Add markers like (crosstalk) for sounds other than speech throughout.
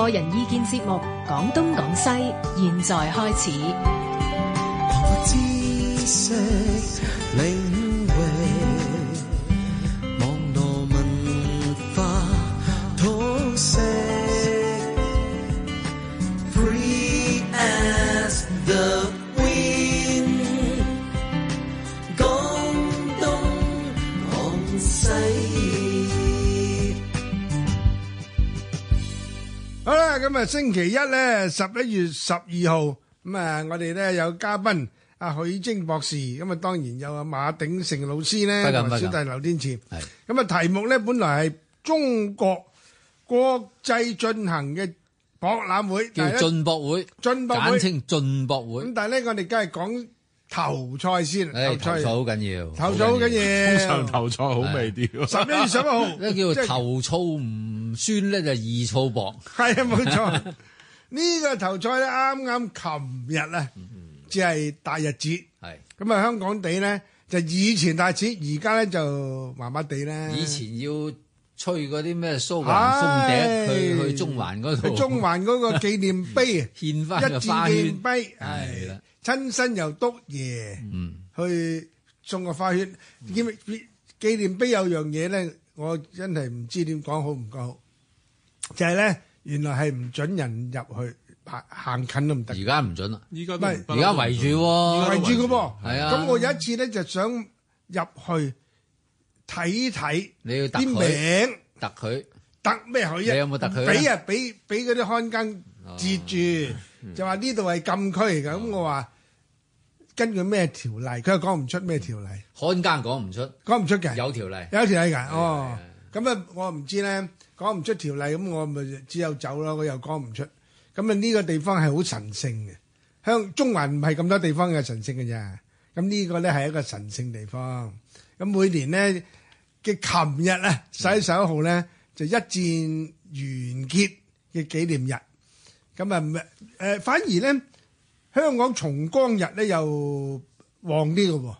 個人意見節目《講東講西》，現在開始。 (music) (music) 今日星期一咧，十一月十二號，咁啊，我哋咧有嘉賓阿許楨博士，咁啊，當然有阿馬鼎盛老師咧，小弟劉天賜，係的，咁啊，題目咧本來係中國國際進口嘅博覽會，叫進博會，簡稱進博會，咁但係咧，我哋梗係講。頭菜先，頭菜好緊要，頭菜好緊要，通常頭菜好味啲。十一月十一號，呢叫做頭醋唔酸咧就二醋薄。係啊，冇錯。呢個頭菜咧啱啱琴日啊，只係大日子。係。咁啊，香港地咧就以前大節，而家咧就麻麻地啦。以前要吹嗰啲咩蘇格蘭風笛去中環嗰度，去中環嗰個紀念碑，獻翻個紀念碑。係。親身由督爺去送個花圈，紀紀、嗯、念碑，有樣嘢咧，我真係唔知點講好，唔夠好，就係、是、咧，原來係唔準人入去，行近都唔得。而家唔準啦，依家而家圍住喎，圍住嘅噃。係啊，咁我有一次咧，就想入去睇睇，你要啲名，揼佢他，揼咩佢？你有冇揼佢？俾啊，俾俾嗰啲看更。截住，哦、嗯、就話呢度係禁區嚟噶。咁、哦、我話根據咩條例？佢又講唔出咩條例。看更講唔出，講唔出嘅有條例，有條例嘅哦。咁啊，我唔知咧，講唔出條例，咁我咪只有走咯。我又講唔出。咁啊，呢個地方係好神聖嘅，香中環唔係咁多地方嘅神聖嘅咋。咁呢個咧係一個神聖地方。咁每年咧嘅琴日咧十一月十一號咧就一戰完結嘅紀念日。咁啊，誒、呃、反而咧，香港重光日咧又旺啲嘅喎，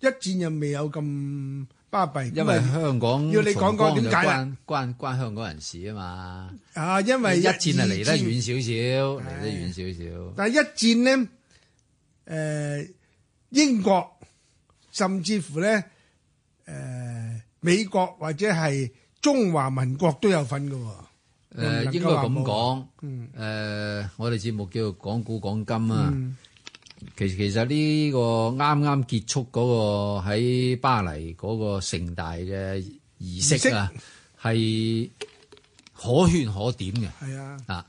一戰又未有咁巴閉。因為香港為要你講講點解？關關香港人事啊嘛！啊，因為一,一戰啊離得遠少少，至啊、離得遠少少。但係一戰呢，誒、呃、英國甚至乎咧，誒、呃、美國或者係中華民國都有份嘅喎。誒、呃、應該咁講，誒、嗯呃、我哋節目叫做講古講金啊、嗯其。其實其實呢個啱啱結束嗰個喺巴黎嗰個盛大嘅儀式啊，係式可圈可點嘅。係啊，啊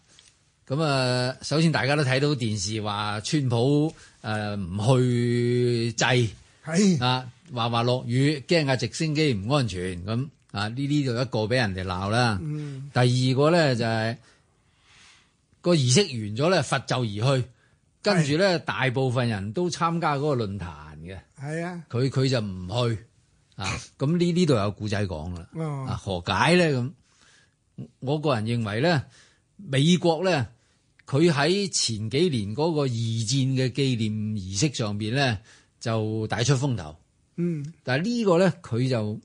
咁啊，首先大家都睇到電視話川普誒唔、呃、去制，係是啊，話話落雨驚下直升機唔安全咁。啊。啊！呢啲就一個俾人哋鬧啦，嗯、第二個咧就係、是、個儀式完咗咧，拂袖而去，跟住咧、啊、大部分人都參加嗰個論壇嘅，係啊，佢佢就唔去啊。咁呢呢度有古仔講啦，哦、啊何解咧？咁我個人認為咧，美國咧佢喺前幾年嗰個二戰嘅紀念儀式上邊咧就大出風頭，嗯，但係呢個咧佢就。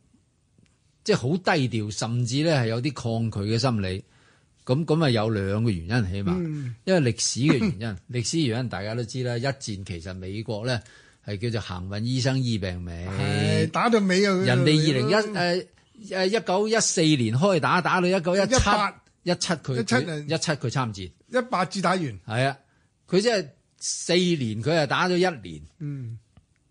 即係好低調，甚至咧係有啲抗拒嘅心理。咁咁啊有兩個原因，起碼，因為歷史嘅原因。歷史原因大家都知啦，一戰其實美國咧係叫做行運醫生醫病尾，打到尾啊！人哋二零一誒誒一九一四年開打，打到一九一七一七佢一七一七佢參戰，一八至打完。係啊，佢即係四年，佢係打咗一年。嗯，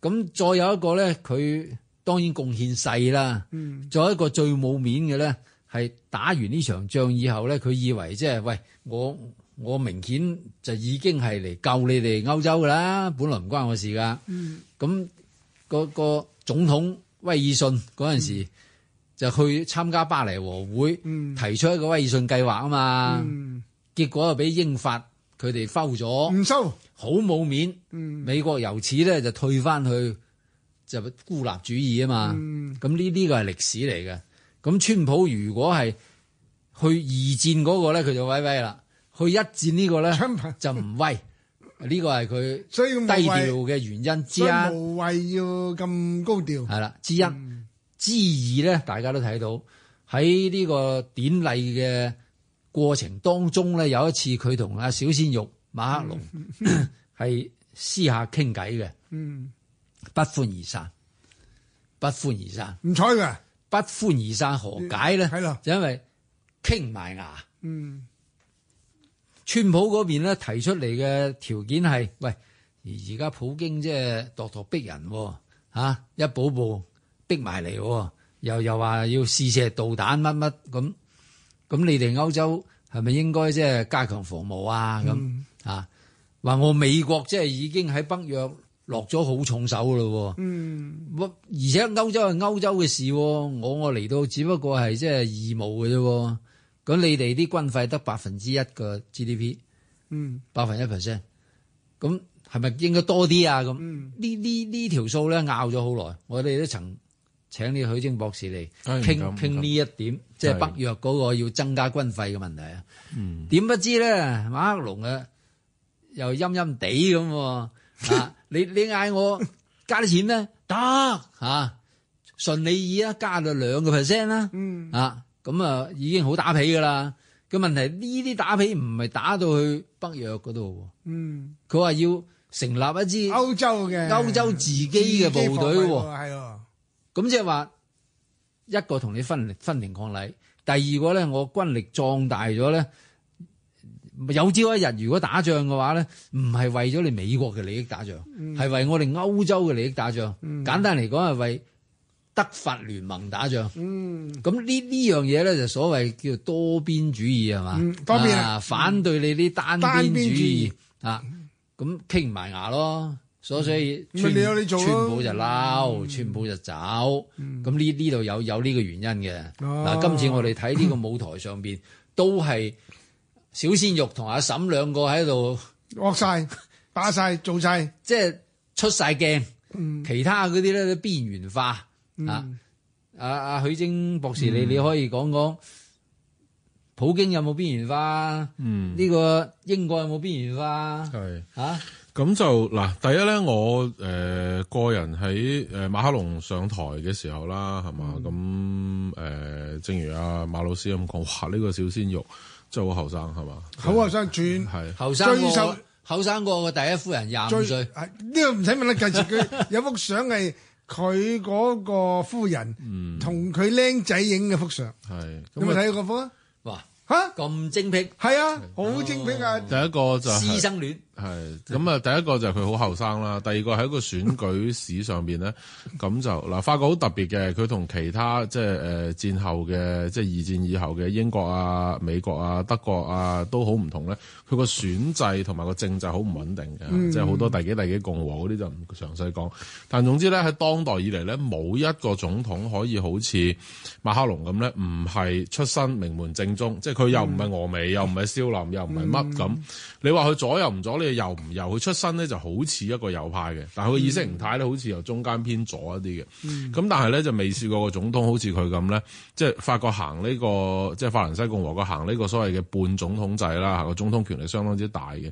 咁再有一個咧，佢。當然貢獻細啦。仲有、嗯、一個最冇面嘅咧，係打完呢場仗以後咧，佢以為即、就、係、是、喂我我明顯就已經係嚟救你哋歐洲噶啦，本來唔關我的事噶。咁嗰個總統威爾遜嗰陣時、嗯、就去參加巴黎和會，嗯、提出一個威爾遜計劃啊嘛。嗯、結果就俾英法佢哋摟咗，唔收，好冇面。嗯、美國由此咧就退翻去。就孤立主義啊嘛，咁呢呢個係歷史嚟嘅。咁川普如果係去二戰嗰個咧，佢就威威啦；去一戰呢個咧，瓣就唔威。呢個係佢低調嘅原因之一。無謂要咁高調。係啦，之一、嗯、之二咧，大家都睇到喺呢個典禮嘅過程當中咧，有一次佢同阿小鮮肉馬克龍係私下傾偈嘅。嗯。不歡而散，不歡而散，唔睬嘅。不歡而散何解咧？係啦，就因為傾埋牙。嗯，川普嗰邊咧提出嚟嘅條件係，喂而而家普京即係咄咄逼人、啊、吓、啊、一步步逼埋嚟、啊，又又話要試射導彈乜乜咁。咁你哋歐洲係咪應該即係加強防務啊？咁、嗯、啊，話我美國即係已經喺北約。落咗好重手咯，嗯，而且歐洲係歐洲嘅事，我我嚟到只不過係即係義務嘅啫，咁你哋啲軍費得百分之一嘅 GDP，嗯，百分之一 percent，咁係咪應該多啲啊？咁呢呢呢條數咧拗咗好耐，我哋都曾請呢許楨博士嚟傾傾呢一點，行即係北約嗰個要增加軍費嘅問題啊，點、嗯、不知咧馬克龍啊又陰陰地咁。 (laughs) (laughs) (laughs) (laughs) (laughs) 啊！你你嗌我加啲錢咧，得吓，順你意啦，加到兩個 percent 啦，啊，咁啊已經好打皮噶啦。個問題呢啲打皮唔係打到去北約嗰度，嗯，佢話要成立一支歐洲嘅歐洲自己嘅部隊，係、啊、咯。咁即係話一個同你分分庭抗禮，第二個咧，我軍力壯大咗咧。有朝一日，如果打仗嘅話咧，唔係為咗你美國嘅利益打仗，係為我哋歐洲嘅利益打仗。簡單嚟講，係為德法聯盟打仗。咁呢呢樣嘢咧，就所謂叫多邊主義係嘛？啊，反對你啲單邊主義啊！咁傾唔埋牙咯，所所以川普就撈，川普就走。咁呢呢度有有呢個原因嘅。嗱，今次我哋睇呢個舞台上邊都係。小鮮肉同阿嬸兩個喺度，惡晒、打晒、做晒，即係 (laughs) 出晒鏡。嗯、其他嗰啲咧都邊緣化、嗯、啊！阿阿許楨博士，嗯、你你可以講講普京有冇邊緣化？嗯，呢個英國有冇邊緣化？係吓咁就嗱，第一咧，我誒、呃、個人喺誒馬克龍上台嘅時候啦，係嘛咁誒，正如阿、啊、馬老師咁講，哇，呢、這個小鮮肉。就好後生係嘛，好後生，最係後生過，後生過個第一夫人廿五歲，呢個唔使問啦，繼續佢，有幅相係佢嗰個夫人，同佢僆仔影嘅幅相，係有冇睇過嗰幅啊？哇，吓咁精闢，係啊，好精闢啊！第一個就係師生戀。係咁啊！嗯嗯、第一個就係佢好後生啦，第二個喺一個選舉史上邊咧，咁就嗱、嗯，法國好特別嘅，佢同其他即係誒戰後嘅即係二戰以後嘅英國啊、美國啊、德國啊都好唔同咧。佢個選制同埋個政制好唔穩定嘅，即係好多第幾第幾共和嗰啲就唔詳細講。但總之咧，喺當代以嚟咧，冇一個總統可以好似馬克龍咁咧，唔係出身名門正宗，嗯、即係佢又唔係峨眉，又唔係少林，又唔係乜咁。你話佢左右唔左呢？又唔由佢出身咧就好似一個右派嘅。但係佢意識形態咧好似又中間偏左一啲嘅。咁、嗯、但係咧就未試過個總統好似佢咁咧，即、就、係、是、法國行呢、這個，即、就、係、是、法蘭西共和國行呢個所謂嘅半總統制啦，那個總統權力相當之大嘅。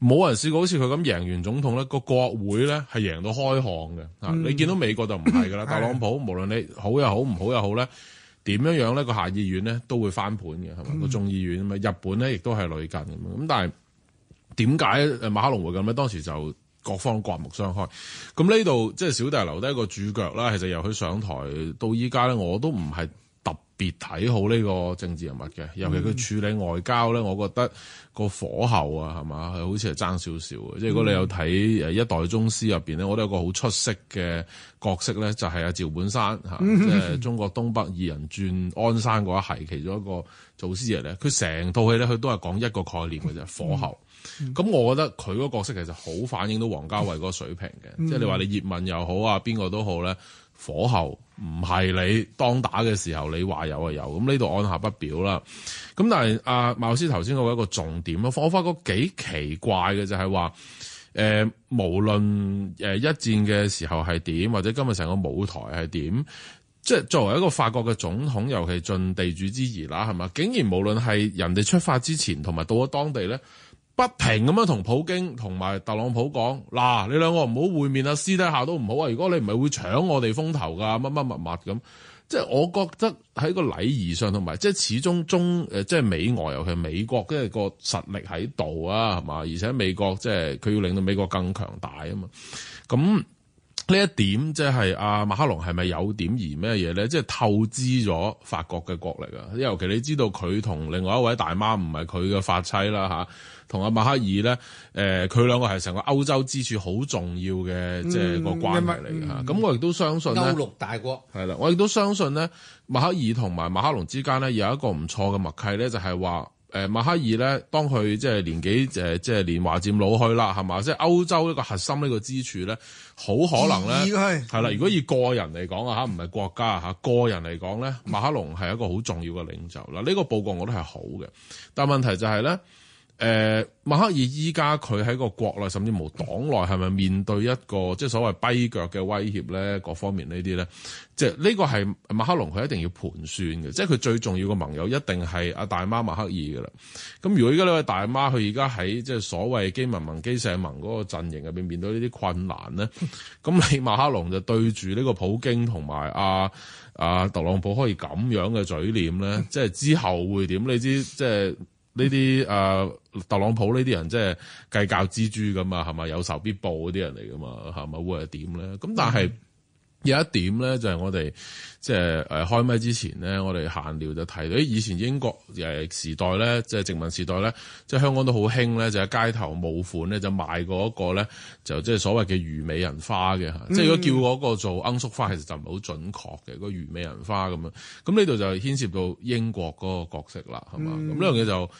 冇人試過好似佢咁贏完總統咧，那個國會咧係贏到開巷嘅啊！你見到美國就唔係噶啦，特朗普的無論你好又好唔好又好咧，點樣樣咧、那個下議院咧都會翻盤嘅，係嘛個眾議院咁啊？日本咧亦都係累近咁，咁但係。點解誒馬克龍會咁咧？當時就各方刮目相看。咁呢度即係小弟留低一個主角啦。其實由佢上台到依家咧，我都唔係。別睇好呢個政治人物嘅，尤其佢處理外交咧，嗯、我覺得個火候啊，係嘛，係好似係爭少少嘅。即係、嗯、如果你有睇《誒一代宗師》入邊咧，我都有個好出色嘅角色咧，就係阿趙本山嚇，即係、嗯就是、中國東北二人轉鞍山嗰一係其中一個祖師爺咧。佢成套戲咧，佢都係講一個概念嘅啫、嗯嗯，火候。咁我覺得佢嗰個角色其實好反映到王家衞嗰個水平嘅，即係你話你葉問又好啊，邊個都好咧，火候。唔係你當打嘅時候，你話有啊有咁呢度按下不表啦。咁但係阿馬老師頭先講一個重點啊，我發覺幾奇怪嘅就係、是、話，誒、呃、無論誒一戰嘅時候係點，或者今日成個舞台係點，即係作為一個法國嘅總統，尤其係盡地主之誼啦，係嘛？竟然無論係人哋出發之前，同埋到咗當地咧。不停咁樣同普京同埋特朗普講嗱、啊，你兩個唔好會面啊，私底下都唔好啊。如果你唔係會搶我哋風頭噶，乜乜乜乜咁，即係我覺得喺個禮儀上同埋、呃，即係始終中誒，即係美外尤其係美國，即係個實力喺度啊，係嘛？而且美國即係佢要令到美國更強大啊嘛，咁、嗯。呢一點即係阿馬克龍係咪有點而咩嘢咧？即係透支咗法國嘅國力啊！尤其你知道佢同另外一位大媽唔係佢嘅髮妻啦嚇，同阿馬克爾咧，誒佢兩個係成個歐洲之處好重要嘅即係個關係嚟嚇。咁、嗯、我亦都相信歐陸大國係啦。我亦都相信咧，馬克爾同埋馬克龍之間咧有一個唔錯嘅默契咧，就係、是、話。誒馬克爾咧，當佢即係年紀誒、呃，即係年華漸老去啦，係嘛？即係歐洲一個核心呢個支柱咧，好可能咧，係啦、嗯。如果以個人嚟講啊，嚇唔係國家啊，嚇個人嚟講咧，馬克龍係一個好重要嘅領袖嗱。呢、這個報告我覺得係好嘅，但係問題就係咧。誒，默、呃、克爾依家佢喺個國內甚至冇黨內，係咪面對一個即係所謂跛腳嘅威脅咧？各方面呢啲咧，即係呢個係馬克龍佢一定要盤算嘅，即係佢最重要嘅盟友一定係阿大媽默克爾噶啦。咁如果依家呢位大媽佢而家喺即係所謂基民盟、基社盟嗰個陣營入邊面對呢啲困難咧，咁 (laughs) 你馬克龍就對住呢個普京同埋阿阿特朗普可以咁樣嘅嘴臉咧，即係之後會點？你知即係？呢啲誒特朗普呢啲人即係計較蜘蛛咁啊，係咪有仇必報嗰啲人嚟噶嘛，係咪會係點咧？咁但係。嗯有一點咧，就係我哋即係誒開咪之前咧，我哋閒聊就提到，以前英國誒時代咧，即係殖民時代咧，即係香港都好興咧，就喺街頭舞款咧，就賣過一個咧，就即係所謂嘅虞美人花嘅。即係如果叫嗰個做罌粟花，其實就唔係好準確嘅，個虞美人花咁樣。咁呢度就牽涉到英國嗰個角色啦，係嘛？咁呢樣嘢就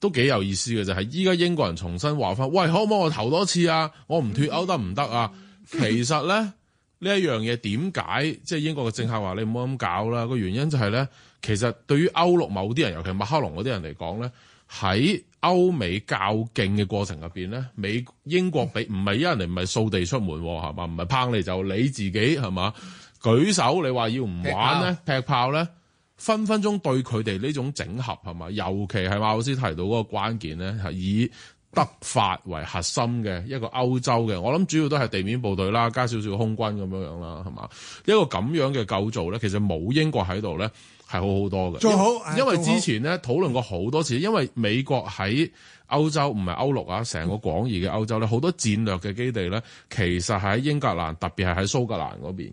都幾有意思嘅，就係依家英國人重新話翻，喂，可唔可以我投多次啊？我唔脫歐得唔得啊？其實咧。 (laughs) 呢一樣嘢點解即係英國嘅政客話你唔好咁搞啦？個原因就係咧，其實對於歐陸某啲人，尤其係麥克龍嗰啲人嚟講咧，喺歐美較勁嘅過程入邊咧，美英國俾唔係一人嚟，唔係掃地出門係嘛，唔係拚你，就你自己係嘛，舉手你話要唔玩咧，劈炮咧，分分鐘對佢哋呢種整合係嘛，尤其係馬老師提到嗰個關鍵咧係以德法為核心嘅一個歐洲嘅，我諗主要都係地面部隊啦，加少少空軍咁樣樣啦，係嘛？一個咁樣嘅構造咧，其實冇英國喺度咧，係好好多嘅。最好，因為之前咧好討論過好多次，因為美國喺歐洲唔係歐陸啊，成個廣義嘅歐洲咧，好、嗯、多戰略嘅基地咧，其實喺英格蘭，特別係喺蘇格蘭嗰邊。咁、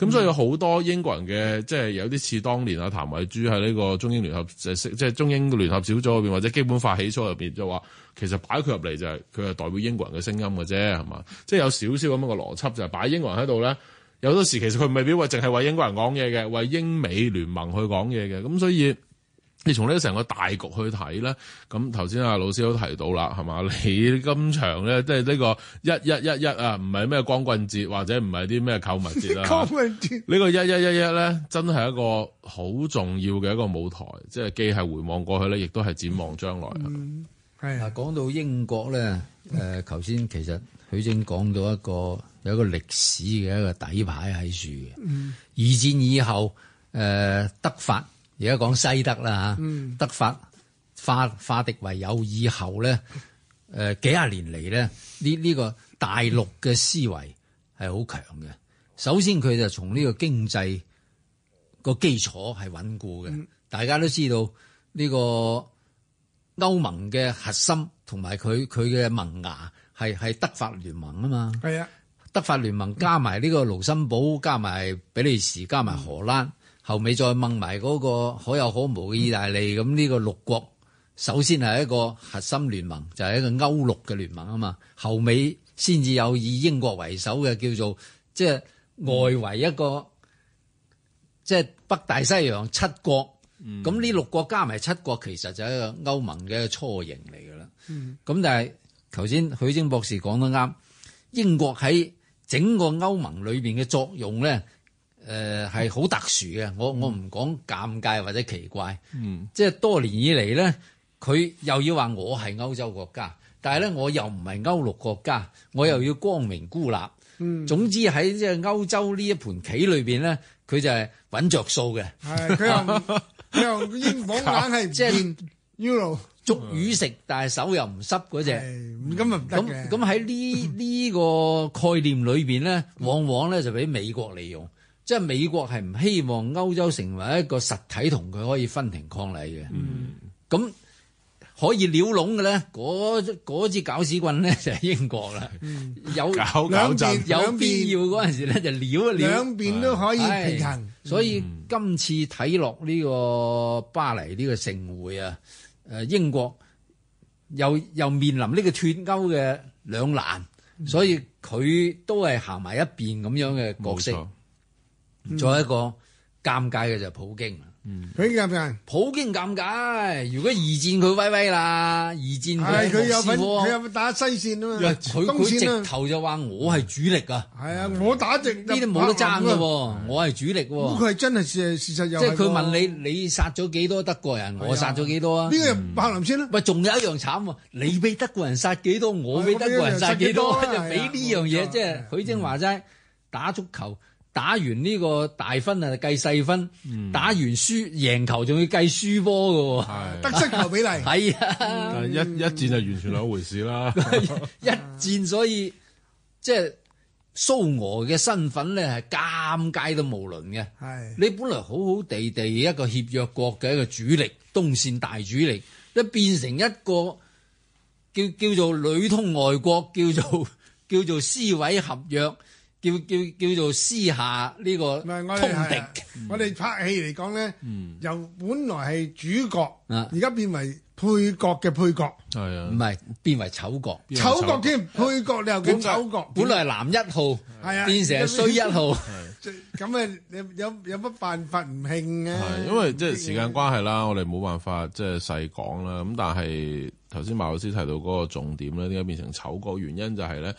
嗯、所以有好多英國人嘅，即、就、係、是、有啲似當年啊，譚慧珠喺呢個中英聯合即係、就是、中英聯合小組入邊，或者基本法起草入邊就話。其實擺佢入嚟就係佢係代表英國人嘅聲音嘅啫，係嘛？即係有少少咁樣嘅邏輯，就係、是、擺英國人喺度咧。有多時其實佢唔係表為淨係為英國人講嘢嘅，為英美聯盟去講嘢嘅。咁所以你從呢成個，個大局去睇咧，咁頭先阿老師都提到啦，係嘛？你今場咧即係呢個一一一一啊，唔係咩光棍節或者唔係啲咩購物節啦。 (laughs) 嗯、個一一一一呢個一一一一咧，真係一個好重要嘅一個舞台，即係既係回望過去咧，亦都係展望將來、嗯嗱，講到英國咧，誒、呃，頭先其實許楨講到一個有一個歷史嘅一個底牌喺度嘅。嗯、二戰以後，誒、呃，德法而家講西德啦嚇，啊嗯、德法化化敵為友以後咧，誒、呃，幾廿年嚟咧，呢呢、這個大陸嘅思維係好強嘅。首先佢就從呢個經濟個基礎係穩固嘅，嗯、大家都知道呢、這個。歐盟嘅核心同埋佢佢嘅盟牙，係係德法聯盟啊嘛，係啊的，德法聯盟加埋呢個盧森堡，加埋比利時，加埋荷蘭，嗯、後尾再掹埋嗰個可有可無嘅意大利，咁呢、嗯、個六國首先係一個核心聯盟，就係、是、一個歐六嘅聯盟啊嘛，後尾先至有以英國為首嘅叫做即係、就是、外圍一個、嗯、即係北大西洋七國。咁呢、嗯、六國加埋七國，其實就係一個歐盟嘅初型嚟㗎啦。咁、嗯、但係頭先許楨博士講得啱，英國喺整個歐盟裏邊嘅作用咧，誒係好特殊嘅。我我唔講尷尬或者奇怪，嗯、即係多年以嚟咧，佢又要話我係歐洲國家，但係咧我又唔係歐陸國家，我又要光明孤立。總之喺即係歐洲呢一盤棋裏邊咧，佢就係揾着數嘅。係、嗯 (laughs) 你用英鎊硬係即係 Euro 捉魚食，但係手又唔濕嗰隻，咁咪唔得嘅。咁喺呢呢個概念裏邊咧， (laughs) 往往咧就俾美國利用，即、就、係、是、美國係唔希望歐洲成為一個實體同佢可以分庭抗禮嘅。嗯，咁。可以撩籠嘅咧，嗰嗰支搞屎棍咧就係英國啦。嗯、有搞搞兩邊有必要兩邊要嗰陣時咧就撩一撩，兩邊都可以平衡。所以今次睇落呢個巴黎呢個盛會啊，誒英國又又面臨呢個脫歐嘅兩難，嗯、所以佢都係行埋一邊咁樣嘅角色。再一個尷尬嘅就係普京啦佢夾唔夾？普京夾嘅，如果二戰佢威威啦，二戰佢羅斯福，佢有打西線啊？嘛，佢佢直頭就話我係主力啊！係啊，我打直呢啲冇得爭嘅，我係主力。咁佢係真係事事實又即係佢問你，你殺咗幾多德國人？我殺咗幾多啊？呢個柏林先啦。喂，仲有一樣慘喎，你俾德國人殺幾多？我俾德國人殺幾多？就俾呢樣嘢，即係許楨話齋打足球。打完呢個大分啊，計細分；嗯、打完輸贏球，計輸球，仲要計輸波嘅，得失球比例係啊！嗯、但一、嗯、一戰就完全兩回事啦！ (laughs) 一戰所以即係蘇俄嘅身份咧，係尷尬到無倫嘅。係的你本嚟好好地地一個協約國嘅一個主力，東線大主力，一變成一個叫叫做裏通外國，叫做叫做撕毀合約。叫叫叫做私下呢個通敵。我哋、啊嗯、拍戲嚟講咧，由本來係主角，而家、嗯、變為配角嘅配角。係啊，唔係變為丑角。丑角添，配角你又叫丑角。本來係男一號，係啊，變成係衰一號。咁、嗯、啊， (laughs) 有有有乜辦法唔慶啊？係、啊、因為即係時間關係啦，我哋冇辦法即係細講啦。咁但係頭先馬老師提到嗰個重點咧，點解變成丑角？原因就係咧。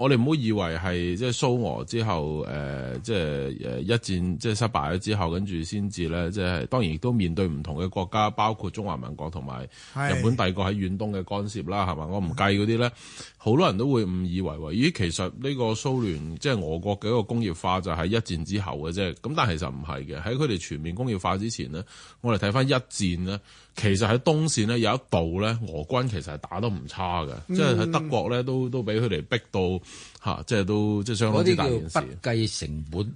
我哋唔好以為係即係蘇俄之後，誒、呃、即係誒一戰即係失敗咗之後，跟住先至咧，即係當然亦都面對唔同嘅國家，包括中華民國同埋日本帝國喺遠東嘅干涉啦，係嘛？我唔計嗰啲咧。好多人都會誤以為話，咦？其實呢個蘇聯即係俄國嘅一個工業化就係一戰之後嘅啫。咁但係其實唔係嘅，喺佢哋全面工業化之前呢，我哋睇翻一戰呢，其實喺東線呢，有一度呢，俄軍其實係打得唔差嘅、嗯啊，即係喺德國呢，都都俾佢哋逼到嚇，即係都即係相當之大件事。嗰啲叫不計成本，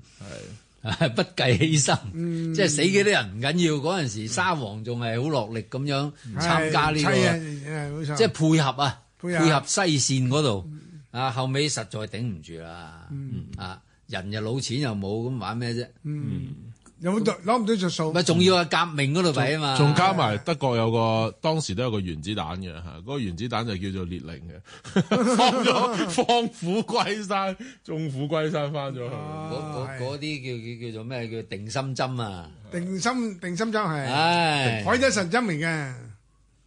係的 (laughs) 不計犧牲，嗯、即係死幾多人唔緊要。嗰陣時沙皇仲係好落力咁樣參加呢、這、啲、個，即係配合啊！配合西線嗰度，啊後尾實在頂唔住啦，啊、嗯、人又老，錢又冇，咁玩咩啫？有冇攞唔到着數？咪仲要係革命嗰度俾啊嘛？仲、嗯、加埋德國有個、嗯、當時都有個原子彈嘅吓，嗰個原子彈就叫做列寧嘅， (laughs) 放咗放虎歸山，縱虎歸山翻咗去。嗰啲叫叫叫做咩？叫定心針啊定心？定心定心針係，海底是神針嚟嘅。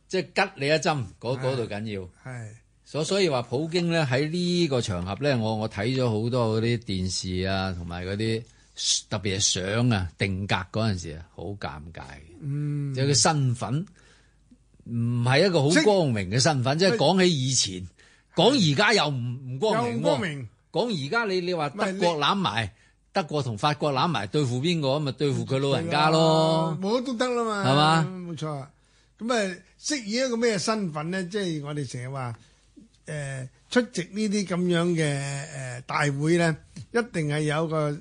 即係吉你一針，嗰度緊要。係，所所以話普京咧喺呢個場合咧，我我睇咗好多嗰啲電視啊，同埋嗰啲特別係相啊，定格嗰陣時啊，好尷尬嘅。嗯，有個身份唔係一個好光明嘅身份，嗯、即係講起以前，講而家又唔唔光明、啊、光明。講而家你你話德國攬埋德國同法國攬埋對付邊個，咪對付佢老人家咯。冇都得啦嘛，係嘛？冇錯。咁啊，飾演一個咩身份咧？即係我哋成日話誒出席呢啲咁樣嘅誒大會咧，一定係有個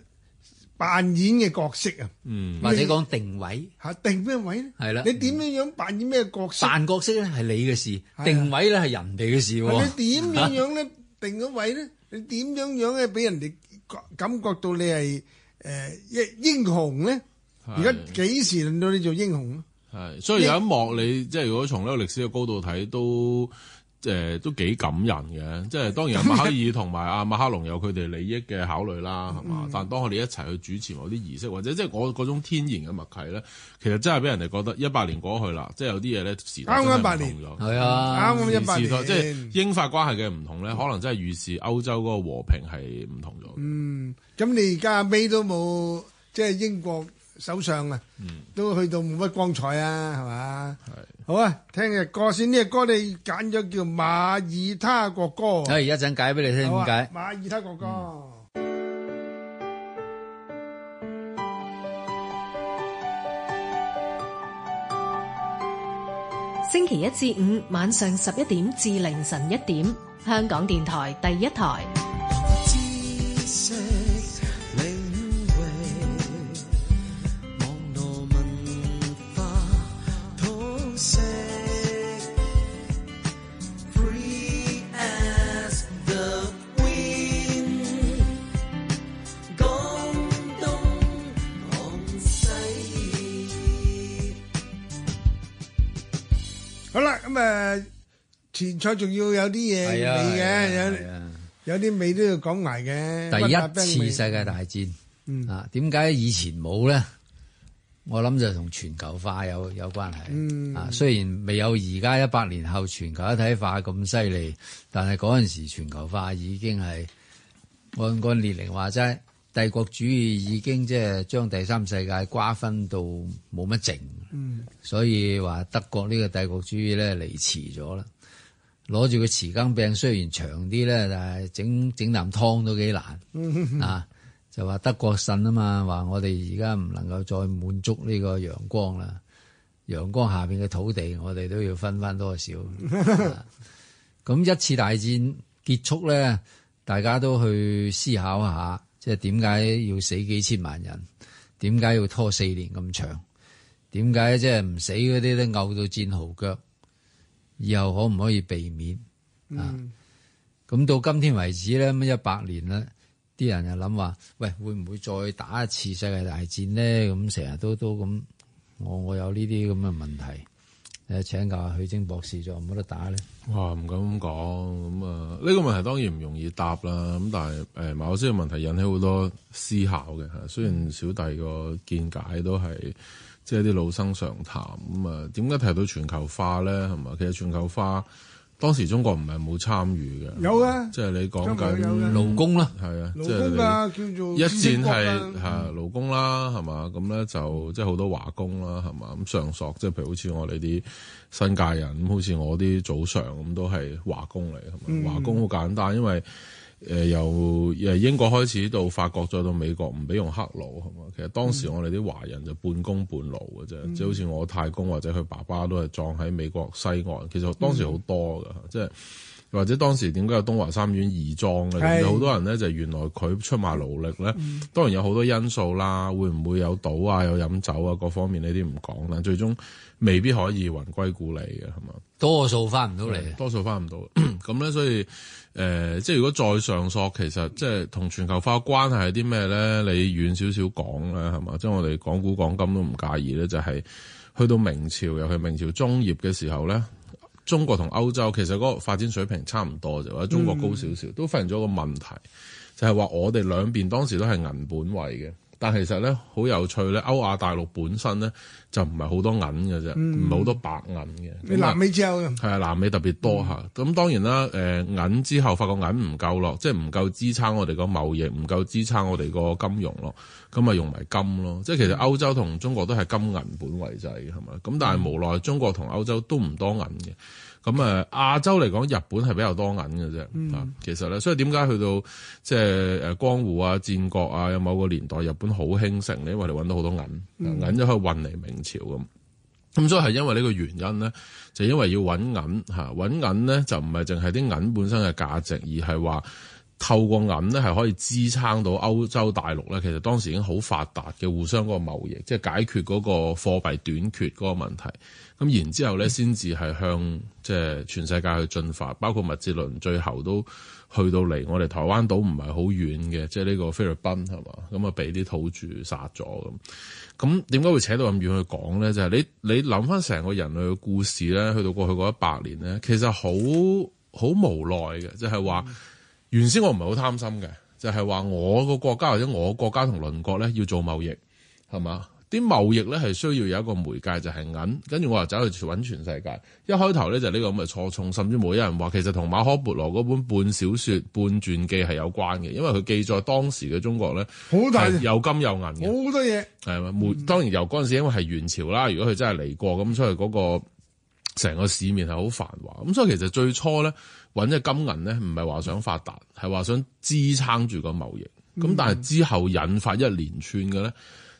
扮演嘅角色啊。嗯，或者講定位嚇定咩位咧？係啦的，你點樣樣扮演咩角色？扮角色咧係你嘅事，的定位咧係人哋嘅事。你點樣樣咧定嗰位咧？你點樣樣咧俾 (laughs) 人哋感覺到你係誒一英雄咧？而家幾時輪到你做英雄啊？係，所以有一幕你即係如果從呢個歷史嘅高度睇，都誒、呃、都幾感人嘅。即係當然馬克爾同埋阿馬克龍有佢哋利益嘅考慮啦，係嘛？嗯、但當佢哋一齊去主持某啲儀式，或者即係我嗰種天然嘅默契咧，其實真係俾人哋覺得一百年過去啦，即係有啲嘢咧時代唔同咗。係啊，啱啱一百年，即係英法關係嘅唔同咧，可能真係預示歐洲嗰個和平係唔同咗。嗯，咁你而家尾都冇即係英國？首相啊，嗯、都去到冇乜光彩啊，係嘛？是好啊，聽日歌先，呢個歌你揀咗叫馬耳他國歌。而、嗯、一陣解俾你聽點解、啊？馬耳他國歌。嗯、星期一至五晚上十一點至凌晨一點，香港電台第一台。仲要有啲嘢，味嘅，有有啲味都要講埋嘅。第一次世界大戰啊，點解、嗯、以前冇咧？我諗就同全球化有有關係啊。嗯、雖然未有而家一百年後全球一體化咁犀利，但係嗰陣時全球化已經係按按列寧話齋，帝國主義已經即係將第三世界瓜分到冇乜剩，嗯、所以話德國呢個帝國主義咧嚟遲咗啦。攞住個匙羹，病，雖然長啲咧，但係整整啖湯都幾難 (laughs) 啊！就話德國信啊嘛，話我哋而家唔能夠再滿足呢個陽光啦。陽光下邊嘅土地，我哋都要分翻多少？咁、 (laughs) 啊、一次大戰結束咧，大家都去思考一下，即係點解要死幾千萬人？點解要拖四年咁長？點解即係唔死嗰啲都嘔到戰壕腳？以後可唔可以避免、嗯、啊？咁到今天為止咧，咁一百年咧，啲人又諗話：喂，會唔會再打一次世界大戰咧？咁成日都都咁、哦，我我有呢啲咁嘅問題，誒請教下許楨博士，仲有冇得打咧？哇！唔敢講咁啊，呢、呢個問題當然唔容易答啦。咁但係誒馬克嘅問題引起好多思考嘅嚇。雖然小弟個見解都係。即係啲老生常談咁啊？點解提到全球化咧？係嘛？其實全球化當時中國唔係冇參與嘅，有嘅。即係你講緊勞工啦，係啊，即係一戰係係勞工啦，係嘛？咁咧就即係好多華工啦，係嘛？咁上索即係譬如好似我哋啲新界人，咁好似我啲祖上咁都係華工嚟嘅，係嘛？嗯、華工好簡單，因為。誒、呃、由誒英國開始到法國再到美國唔俾用黑奴，係嘛？其實當時我哋啲華人就半工半奴嘅啫，嗯、即係好似我太公或者佢爸爸都係葬喺美國西岸。其實當時好多嘅，嗯、即係。或者當時點解有東華三院義莊嘅？有好多人咧，就原來佢出賣勞力咧，當然有好多因素啦。會唔會有賭啊，有飲酒啊，各方面呢啲唔講，但最終未必可以魂歸故里嘅，係嘛？多數翻唔到嚟，多數翻唔到。咁咧，所以誒，即係如果再上溯，其實即係同全球化關係係啲咩咧？你遠少少講咧，係嘛？即係我哋講古講今都唔介意咧，就係去到明朝，尤其明朝中葉嘅時候咧。中國同歐洲其實嗰個發展水平差唔多啫，或者中國高少少，嗯、都發現咗個問題，就係、是、話我哋兩邊當時都係銀本位嘅。但其實咧，好有趣咧，歐亞大陸本身咧就唔係好多銀嘅啫，唔係好多白銀嘅。你、嗯啊、南美只有，係啊，南美特別多嚇。咁、嗯、當然啦，誒、呃、銀之後發覺銀唔夠咯，即係唔夠支撐我哋個貿易，唔夠支撐我哋個金融咯，咁啊用埋金咯。即係其實歐洲同中國都係金銀本位制嘅，係嘛？咁但係無奈中國同歐洲都唔多銀嘅。咁啊，亞洲嚟講，日本係比較多銀嘅啫。啊、嗯，其實咧，所以點解去到即係誒江戶啊、戰國啊，有某個年代日本好興盛咧，因為你揾到好多銀，嗯、銀就可以運嚟明朝咁。咁所以係因為呢個原因咧，就係、因為要揾銀嚇，揾銀咧就唔係淨係啲銀本身嘅價值，而係話。透過銀咧，係可以支撐到歐洲大陸咧。其實當時已經好發達嘅互相嗰個貿易，即係解決嗰個貨幣短缺嗰個問題。咁然之後咧，先至係向即係全世界去進發，包括麥哲倫最後都去到離我哋台灣島唔係好遠嘅，即係呢個菲律賓係嘛？咁啊，俾啲土著殺咗咁。咁點解會扯到咁遠去講咧？就係、是、你你諗翻成個人類嘅故事咧，去到過去嗰一百年咧，其實好好無奈嘅，就係、是、話。原先我唔係好貪心嘅，就係話我個國家或者我國家同鄰國咧要做貿易，係嘛？啲貿易咧係需要有一個媒介就係銀，跟住我又走去揾全世界。一開頭咧就呢個咁嘅錯綜，甚至冇有人話其實同馬可·波羅嗰本半小説半傳記係有關嘅，因為佢記載當時嘅中國咧，好大有金有銀好多嘢，係嘛？冇當然由嗰陣時因為係元朝啦，如果佢真係嚟過咁，所以嗰個。成個市面係好繁華，咁所以其實最初咧揾隻金銀咧，唔係話想發達，係話想支撐住個貿易。咁、嗯、但係之後引發一連串嘅咧，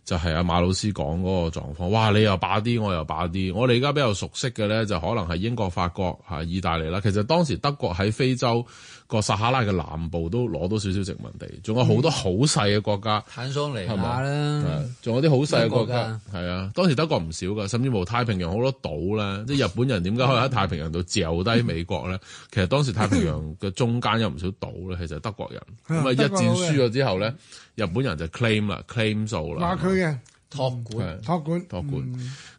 就係、是、阿、啊、馬老師講嗰個狀況，哇！你又霸啲，我又霸啲。我哋而家比較熟悉嘅咧，就可能係英國、法國、嚇、意大利啦。其實當時德國喺非洲。個撒哈拉嘅南部都攞多少少殖民地，仲有好多好細嘅國家，嗯，坦桑尼亞係嘛，仲有啲好細嘅國家，係啊。當時德國唔少㗎，甚至乎太平洋好多島啦。即係日本人點解可以喺太平洋度嚼低美國咧？的其實當時太平洋嘅中間有唔少島咧，其實係德國人咁啊。的一戰輸咗之後咧，日本人就 claim 啦，claim 到啦，劃區嘅託管，託管，的託管。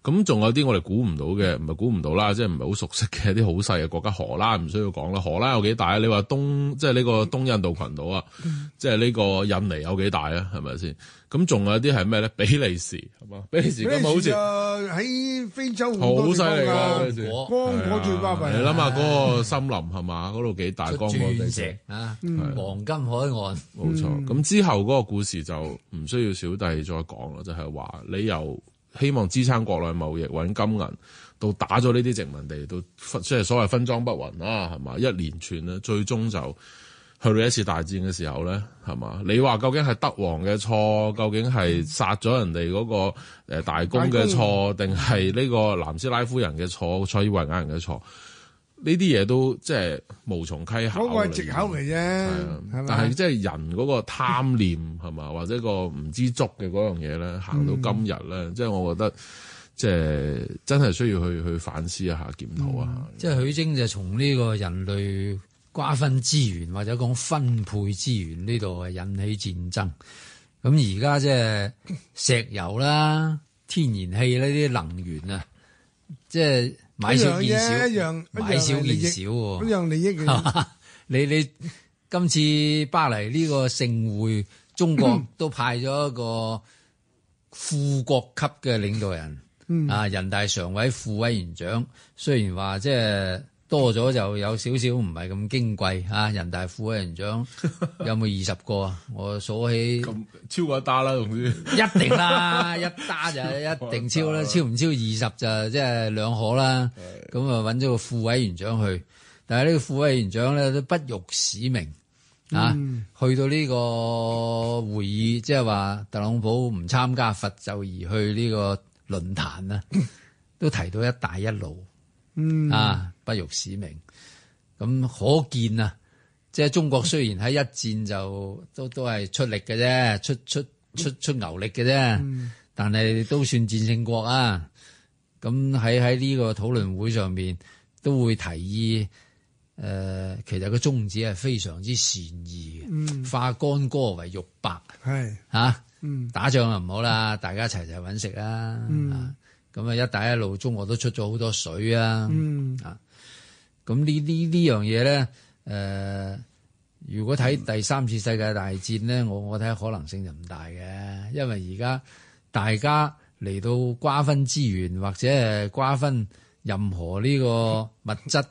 咁仲有啲我哋估唔到嘅，唔係估唔到啦，即係唔係好熟悉嘅一啲好細嘅國家，荷蘭唔需要講啦。荷蘭有幾大啊？你話東，即係呢個東印度群島啊，嗯、即係呢個印尼有幾大啊？係咪先？咁仲有啲係咩咧？比利時係嘛？比利時咁、啊、好似喺非洲多、啊啊、好多剛果，果、啊啊、你諗下嗰個森林係嘛？嗰度幾大剛果鑽石啊？傳黃金海岸冇錯。咁、啊嗯、之後嗰個故事就唔需要小弟再講咯，就係、是、話你由。希望支撐國內貿易揾金銀，到打咗呢啲殖民地，到即係所謂分贓不勻啊，係嘛，一連串咧，最終就去到一次大戰嘅時候咧，係嘛？你話究竟係德皇嘅錯，究竟係殺咗人哋嗰個誒大公嘅錯，定係呢個南斯拉夫人嘅錯，塞爾維亞人嘅錯？呢啲嘢都即係無從稽考。嗰個係藉口嚟啫，係嘛、啊？吧但係即係人嗰個貪念係嘛， (laughs) 或者個唔知足嘅嗰樣嘢咧，行到今日咧，嗯、即係我覺得即係真係需要去去反思一下、檢討啊！嗯、即係許楨就從呢個人類瓜分資源或者講分配資源呢度係引起戰爭。咁而家即係石油啦、天然氣呢啲能源啊，即係。即買少見少，一樣買少見樣少喎。呢樣利益，你你 (laughs) 今次巴黎呢個盛會，中國都派咗一個副國級嘅領導人，啊、嗯，人大常委副委員長，雖然話即係。多咗就有少少唔係咁矜貴吓、啊，人大副委員長有冇二十個啊？ (laughs) 我數起超過一打啦，總之 (laughs) 一定啦， (laughs) 一打就一定超啦， (laughs) 超唔超二十就即係兩可啦。咁啊的，揾咗個副委員長去，但係呢個副委員長咧都不辱使命啊！嗯、去到呢個會議，即係話特朗普唔參加佛就而去呢個論壇啊， (laughs) 都提到一帶一路。嗯啊，不辱使命，咁可見啊，即係中國雖然喺一戰就都都係出力嘅啫，出出出出牛力嘅啫，嗯、但係都算戰勝國啊。咁喺喺呢個討論會上面都會提議，誒、呃，其實個宗旨係非常之善意嘅，嗯、化干戈為玉帛。係吓，打仗就唔好啦，大家齊齊揾食啦。嗯啊咁啊！一帶一路中國都出咗好多水，嗯、啊！啊，咁呢呢呢樣嘢咧，誒、呃，如果睇第三次世界大戰咧，我我睇可能性就唔大嘅，因為而家大家嚟到瓜分資源或者誒瓜分任何呢個物質，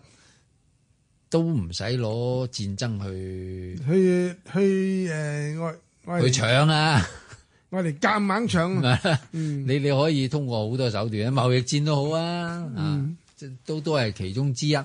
都唔使攞戰爭去去去誒，呃、去搶啊！我哋夾硬搶， (laughs) 你你可以通過好多手段啊，貿易戰都好啊，嗯、啊，都都係其中之一。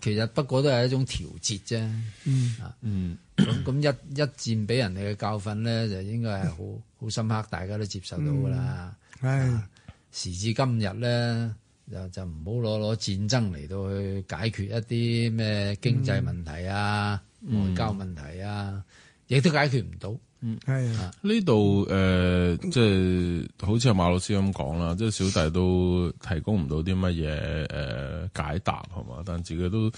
其實不過都係一種調節啫。嗯，啊，嗯，咁咁、嗯、一一戰俾人哋嘅教訓咧，就應該係好好深刻，大家都接受到噶啦。唉、嗯啊、時至今日咧，就就唔好攞攞戰爭嚟，到去解決一啲咩經濟問題啊、嗯、外交問題啊，亦都解決唔到。嗯，係啊，呢度誒，即係、呃就是、好似阿馬老師咁講啦，即係小弟都提供唔到啲乜嘢誒解答係嘛，但自己都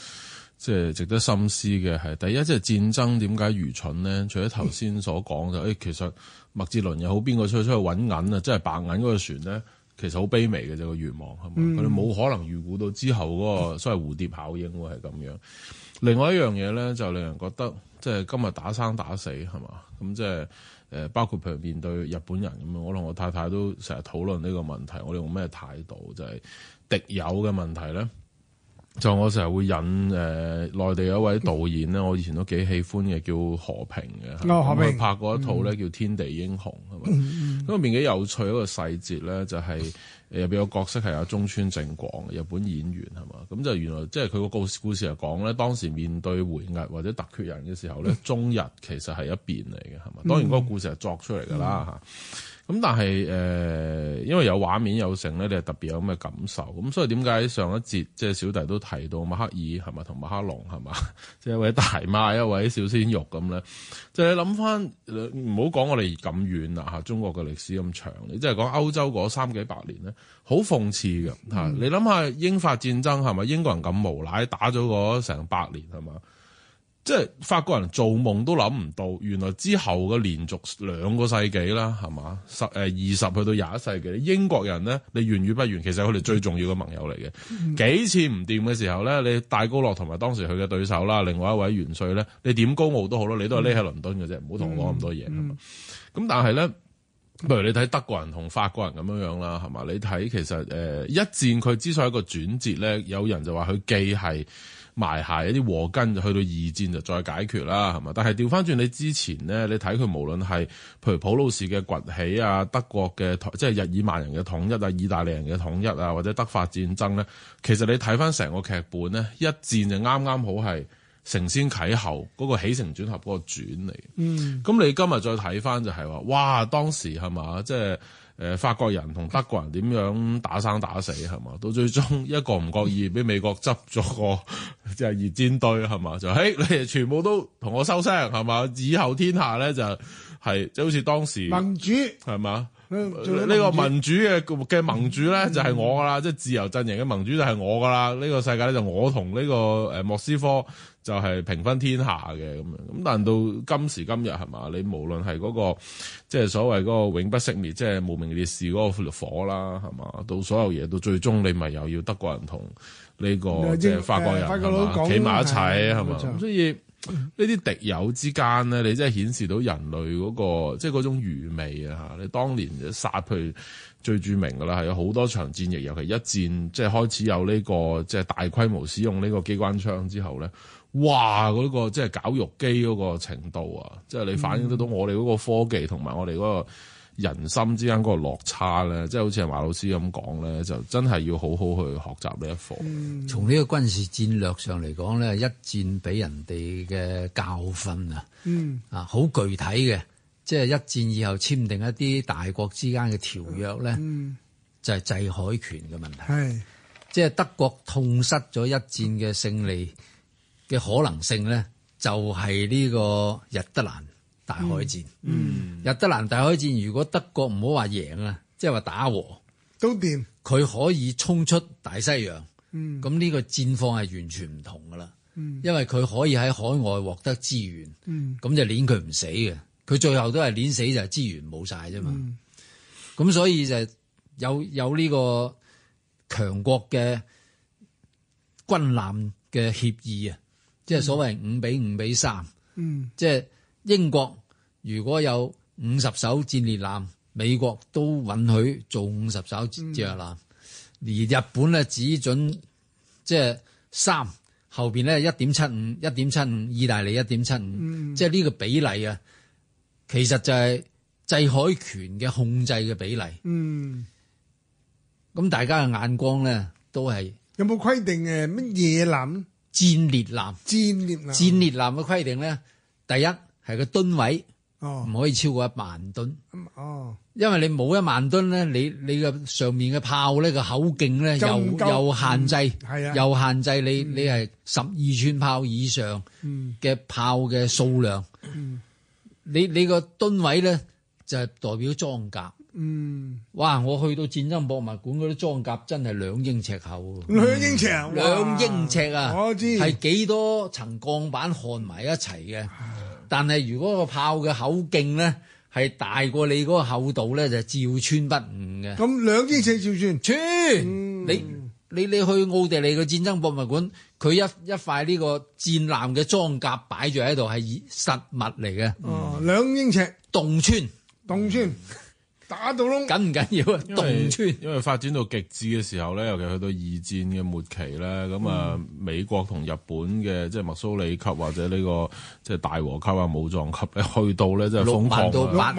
即係、就是、值得深思嘅係第一，即、就、係、是、戰爭點解愚蠢咧？除咗頭先所講就誒，嗯、其實麥哲倫又好，邊個出出去揾銀啊，即係、就是、白銀嗰個船咧。其實好卑微嘅啫、這個願望，係嘛？佢哋冇可能預估到之後嗰個所謂蝴蝶效應會係咁樣。另外一樣嘢咧，就令人覺得即係、就是、今日打生打死係嘛？咁即係誒，包括譬如面對日本人咁樣，我同我太太都成日討論呢個問題，我哋用咩態度就係敵友嘅問題咧？就我成日會引誒、呃、內地一位導演咧，嗯、我以前都幾喜歡嘅叫何平嘅，我明、嗯、拍過一套咧叫《天地英雄》。咁入面幾有趣一個細節咧，就係入邊個角色係阿中村正廣，日本演員係嘛？咁就原來即係佢個故事故事嚟講咧，當時面對回壓或者突厥人嘅時候咧，嗯嗯、中日其實係一邊嚟嘅，係嘛？當然個故事係作出嚟噶啦嚇。咁但係誒、呃，因為有畫面有成咧，你係特別有咁嘅感受。咁所以點解上一節即係小弟都提到默克爾係咪同馬克龍係嘛，即係 (laughs) 一位大媽一位小鮮肉咁咧？就你諗翻唔好講我哋咁遠啦嚇，中國嘅歷史咁長，你即係講歐洲嗰三幾百年咧，好諷刺嘅嚇。你諗下英法戰爭係咪英國人咁無賴打咗嗰成百年係嘛？是即係法國人做夢都諗唔到，原來之後嘅連續兩個世紀啦，係嘛十誒二十去到廿一世紀，英國人咧你願與不願，其實佢哋最重要嘅盟友嚟嘅。幾次唔掂嘅時候咧，你戴高樂同埋當時佢嘅對手啦，另外一位元帥咧，你點高傲都好啦，你都係匿喺倫敦嘅啫，唔好同我講咁多嘢咁、嗯、但係咧，不如你睇德國人同法國人咁樣樣啦，係嘛？你睇其實誒一戰佢之所以一個轉折咧，有人就話佢既係。埋下一啲禍根，就去到二戰就再解決啦，係嘛？但係調翻轉你之前咧，你睇佢無論係譬如普魯士嘅崛起啊，德國嘅，即係日耳曼人嘅統一啊，意大利人嘅統一啊，或者德法戰爭咧，其實你睇翻成個劇本咧，一戰就啱啱好係承先啟後嗰個起承轉合嗰個轉嚟。嗯，咁你今日再睇翻就係話，哇！當時係嘛，即係。就是誒、呃，法國人同德國人點樣打生打死係嘛？到最終一個唔覺意俾美國執咗個即係熱戰隊係嘛？就誒、欸，你哋全部都同我收聲係嘛？以後天下咧就係即係好似當時民主係嘛？呢個民主嘅嘅盟主咧就係我噶啦，嗯、即係自由陣營嘅盟主就係我噶啦。呢、這個世界咧就我同呢個誒莫斯科就係平分天下嘅咁樣。咁但到今時今日係嘛，你無論係嗰、那個即係所謂嗰個永不熄滅，即係無名烈士嗰個火啦，係嘛，到所有嘢到最終你咪又要德國人同呢、這個即係是法國人企埋、呃、吧一齊係嘛，所以。呢啲敵友之間咧，你真係顯示到人類嗰、那個即係嗰種愚昧啊！吓，你當年殺佢最著名噶啦，係有好多場戰役，尤其一戰即係、就是、開始有呢、這個即係、就是、大規模使用呢個機關槍之後咧，哇！嗰、那個即係絞肉機嗰個程度啊，即、就、係、是、你反映得到我哋嗰個科技同埋我哋嗰、那個。嗯人心之間嗰個落差咧，即係好似係馬老師咁講咧，就真係要好好去學習呢一課。從呢、嗯、個軍事戰略上嚟講咧，一戰俾人哋嘅教訓、嗯、啊，嗯啊，好具體嘅，即係一戰以後簽訂一啲大國之間嘅條約咧，嗯、就係制海權嘅問題，係是，即係德國痛失咗一戰嘅勝利嘅可能性咧，就係呢個日德蘭。大海戰，嗯嗯、日德蘭大海戰。如果德國唔好話贏啊，即係話打和都掂變，佢可以衝出大西洋。咁呢、嗯、個戰況係完全唔同噶啦，嗯、因為佢可以喺海外獲得資源，咁、嗯、就攆佢唔死嘅。佢最後都係攆死就係資源冇晒啫嘛。咁、嗯、所以就有有呢個強國嘅軍艦嘅協議啊，即、就、係、是、所謂五比五比三、嗯，即係、嗯。就是英國如果有五十艘戰列艦，美國都允許做五十艘戰艦，嗯、而日本咧只准即係三，後邊咧一點七五、一點七五，意大利一點七五，即係呢個比例啊，其實就係制海權嘅控制嘅比例。嗯，咁大家嘅眼光咧都係有冇規定誒？乜嘢艦戰列艦？有有艦戰列艦戰列艦嘅規定咧，第一。第一係個噸位哦，唔可以超過一萬噸哦，因為你冇一萬噸咧，你你個上面嘅炮咧個口徑咧又又限制，係、嗯、啊，又限制你你係十二寸炮以上嘅炮嘅數量。嗯，你你個噸位咧就係代表裝甲。嗯，哇，我去到戰爭博物館嗰啲裝甲真係兩英尺厚，兩、嗯、英尺，兩英尺啊，我知係幾多層鋼板焊埋一齊嘅。但係如果個炮嘅口徑咧，係大過你嗰個厚度咧，就照穿不誤嘅。咁兩英尺照穿穿村、嗯，你你你去奧地利嘅戰爭博物館，佢一一塊呢個戰艦嘅裝甲擺住喺度，係以實物嚟嘅。哦、嗯，兩英尺洞穿村，洞穿。打到窿緊唔緊要啊！動穿為，東村因為發展到極致嘅時候咧，尤其去到二戰嘅末期咧，咁、嗯、啊美國同日本嘅即係密蘇里級或者呢、這個即係、就是、大和級啊武藏級，去到咧即係瘋狂六萬到八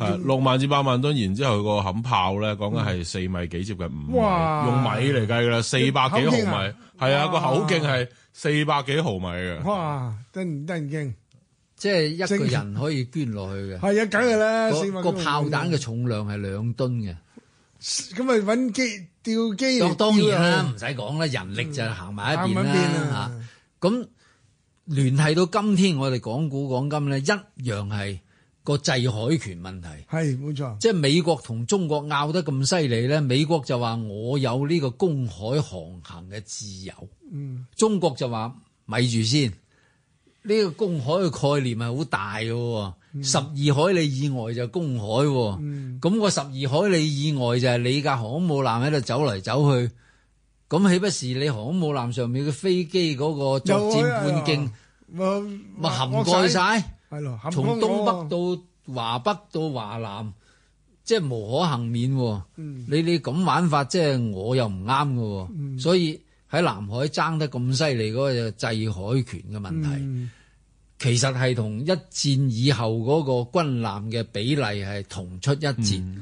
萬，六萬至八萬噸。然後之後個冚炮咧講緊係四米幾接近五米，哇用米嚟計㗎喇，四百幾毫米。係啊，個口徑係四百幾毫米嘅。哇！真真驚。即係一個人可以捐落去嘅。係啊，梗係啦。個炮彈嘅重量係兩噸嘅，咁咪揾機吊機。當然啦，唔使講啦，人力就行埋一邊啦、啊。吓、啊，咁聯繫到今天我哋講古講金咧，一樣係個制海權問題。係冇錯，即係美國同中國拗得咁犀利咧，美國就話我有呢個公海航行嘅自由，嗯，中國就話咪住先。呢個公海嘅概念係好大嘅喎，十二海里以外就公海。咁個十二海里以外就係你架航空母艦喺度走嚟走去，咁豈不是你航空母艦上面嘅飛機嗰個作戰半徑咪涵蓋曬？係咯，從東北到華北到華南，即係無可幸免。你你咁玩法，即係我又唔啱嘅。所以。喺南海爭得咁犀利嗰個制海權嘅問題，嗯、其實係同一戰以後嗰個軍艦嘅比例係同出一戰。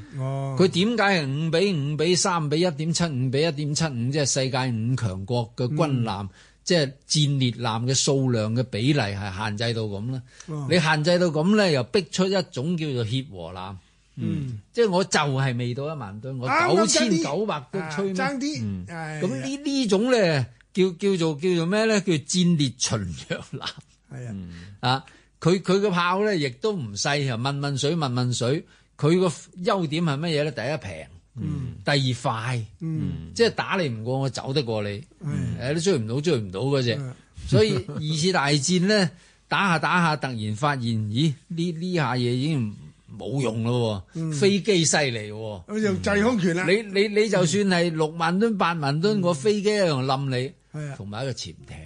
佢點解係五比五比三比一點七五比一點七五？即係世界五強國嘅軍艦，即係、嗯、戰列艦嘅數量嘅比例係限制到咁咧？哦、你限制到咁咧，又逼出一種叫做協和艦。嗯，即係我就係未到一萬噸，是我九千九百噸，爭啲、啊，咁呢呢種咧叫叫做叫做咩咧？叫戰列巡洋艦，係、嗯、啊，啊，佢佢個炮咧亦都唔細，又問問水問問水，佢個優點係乜嘢咧？第一平，嗯、第二快，嗯嗯、即係打你唔過我走得過你，誒、嗯、都追唔到追唔到嘅啫。嗯、 (laughs) 所以二次大戰咧打下打下，突然發現，咦呢呢下嘢已經。冇用咯，啊，嗯、飛機犀利喎，咁、嗯、用制空權啦、嗯。你你你就算係六萬噸八萬噸個飛機一樣冧你，同埋、嗯、一個潛艇。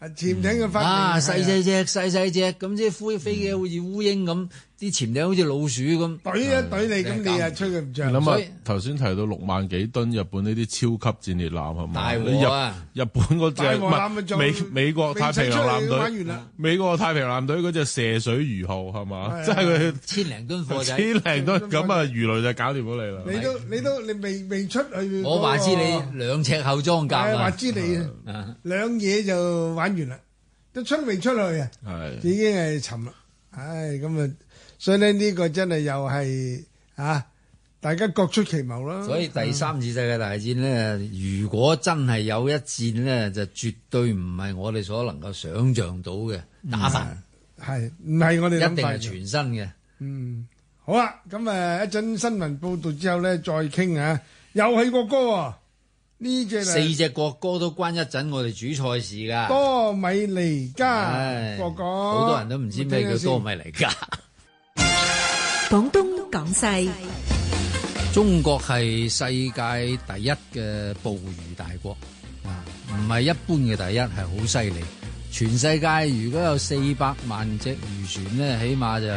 潛艇嘅發明啊，細細隻，細細隻，咁即係灰飛機好似烏蠅咁。嗯啲潛艇好似老鼠咁，懟一懟你，咁你又吹佢唔着。諗下頭先提到六萬幾噸日本呢啲超級戰列艦係嘛？大日本嗰隻美美國太平洋艦隊。美國太平洋艦隊嗰隻射水魚號係嘛？即係佢千零噸貨，千零噸咁啊！魚雷就搞掂咗你啦。你都你都你未未出去，我話知你兩尺厚裝甲啊！話知你兩嘢就玩完啦，都出未出去啊？已經係沉啦，唉咁啊！所以咧呢個真係又係啊，大家各出奇謀啦。所以第三次世界大戰咧，如果真係有一戰咧，就絕對唔係我哋所能夠想象到嘅是打法。係唔係我哋？一定係全新嘅。嗯，好啊，咁啊一陣新聞報道之後咧，再傾啊，又係國歌呢隻。這個，四隻國歌都關一陣我哋主賽事噶。多米尼加國歌。好多人都唔知咩叫多米尼加。廣東、廣西，中國係世界第一嘅捕魚大國啊，唔係一般嘅第一，係好犀利。全世界如果有四百萬隻漁船呢，起碼就有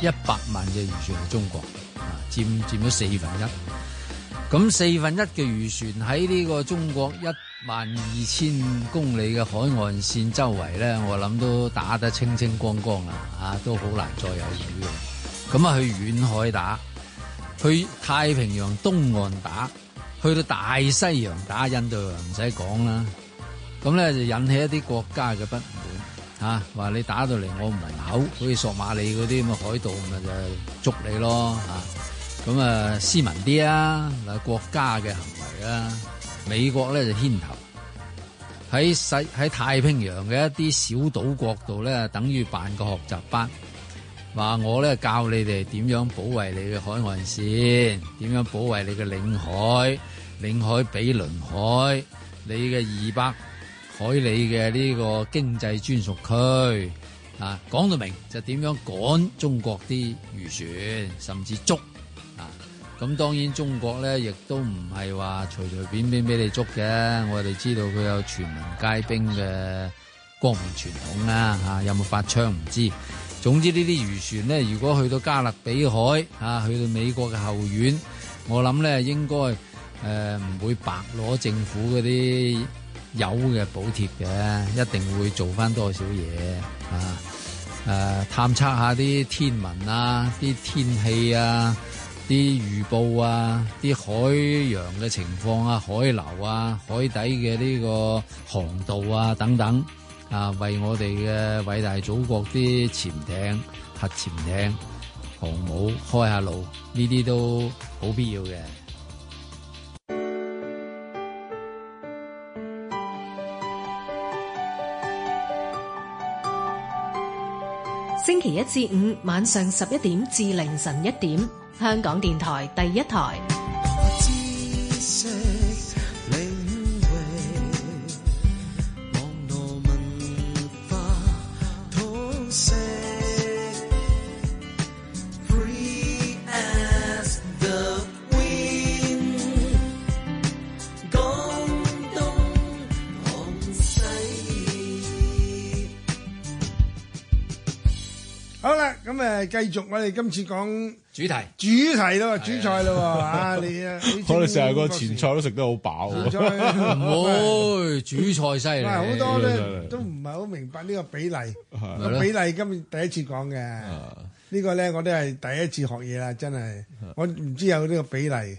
一百萬隻漁船係中國啊，佔佔咗四分一。咁四分一嘅漁船喺呢個中國一萬二千公里嘅海岸綫周圍呢，我諗都打得清清光光啦，啊，都好難再有魚嘅。咁啊，去遠海打，去太平洋東岸打，去到大西洋打，印度洋唔使講啦。咁咧就引起一啲國家嘅不滿，吓、啊、話你打到嚟我門口，好似索馬里嗰啲咁嘅海盜，咪就係捉你咯，吓、啊、咁啊，斯文啲啊，嗱國家嘅行為啊，美國咧就牽頭喺喺太平洋嘅一啲小島國度咧，等於辦個學習班。話我咧教你哋點樣保衛你嘅海岸線，點樣保衛你嘅領海，領海比鄰海，你嘅二百海里嘅呢個經濟專屬區啊，講到明就點樣趕中國啲漁船，甚至捉啊！咁當然中國咧亦都唔係話隨隨便便俾你捉嘅，我哋知道佢有全民皆兵嘅光榮傳統啦，吓、啊、有冇發槍唔知。總之呢啲漁船呢，如果去到加勒比海啊，去到美國嘅後院，我諗呢應該誒唔會白攞政府嗰啲有嘅補貼嘅，一定會做翻多少嘢啊！誒、啊，探測下啲天文啊、啲天氣啊、啲預報啊、啲海洋嘅情況啊、海流啊、海底嘅呢個航道啊等等。啊！為我哋嘅偉大祖國啲潛艇、核潛艇、航母開下路，呢啲都好必要嘅。星期一至五晚上十一點至凌晨一點，香港電台第一台。繼續，我哋今次講主題，主題咯，主菜咯，啊你啊，我哋成日個前菜都食得好飽，唔係主菜犀利，好多咧都唔係好明白呢個比例，比例今日第一次講嘅，呢個咧我都係第一次學嘢啦，真係，我唔知有呢個比例，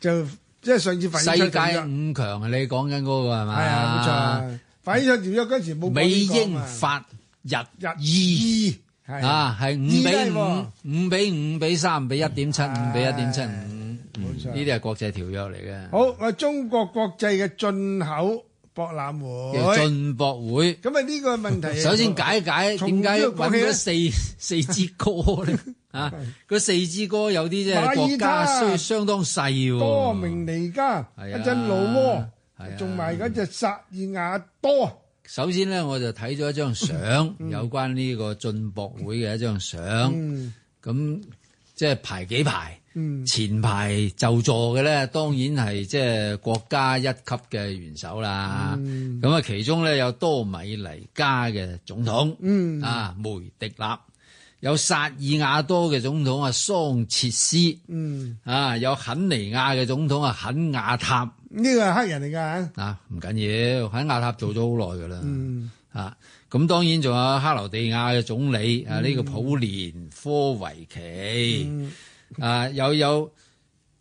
就即係上次世界五強啊，你講緊嗰個係咪？係啊，冇錯。反英占約嗰時冇美英法日日意。啊，係五比五，五比五比三比一點七五比一點七五，冇錯，呢啲係國際條約嚟嘅。好，我中國國際嘅進口博覽會，進博會。咁啊，呢個問題首先解解，點解搵咗四四支歌咧？啊，嗰四支歌有啲即係國家，需要相當細喎。多明尼加，一隻老哥，仲埋嗰隻薩爾瓦多。首先咧，我就睇咗一張相，嗯、有關呢個進博會嘅一張相，咁、嗯、即係排幾排，嗯、前排就座嘅咧，當然係即係國家一級嘅元首啦。咁啊、嗯，其中咧有多米尼加嘅總統，嗯、啊梅迪納，有薩爾瓦多嘅總統啊桑切斯，嗯、啊有肯尼亞嘅總統啊肯亞塔。呢個係黑人嚟㗎啊，唔緊要，喺亞塔做咗好耐㗎啦，嗯、啊咁當然仲有克羅地亞嘅總理啊，呢、嗯、個普連科維奇，嗯、啊又有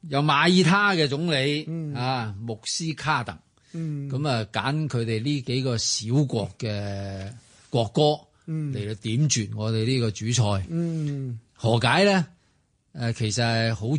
有馬爾他嘅總理、嗯、啊穆斯卡特，咁、嗯、啊揀佢哋呢幾個小國嘅國歌嚟到、嗯、點綴我哋呢個主菜，嗯嗯嗯、何解咧？誒其實係好。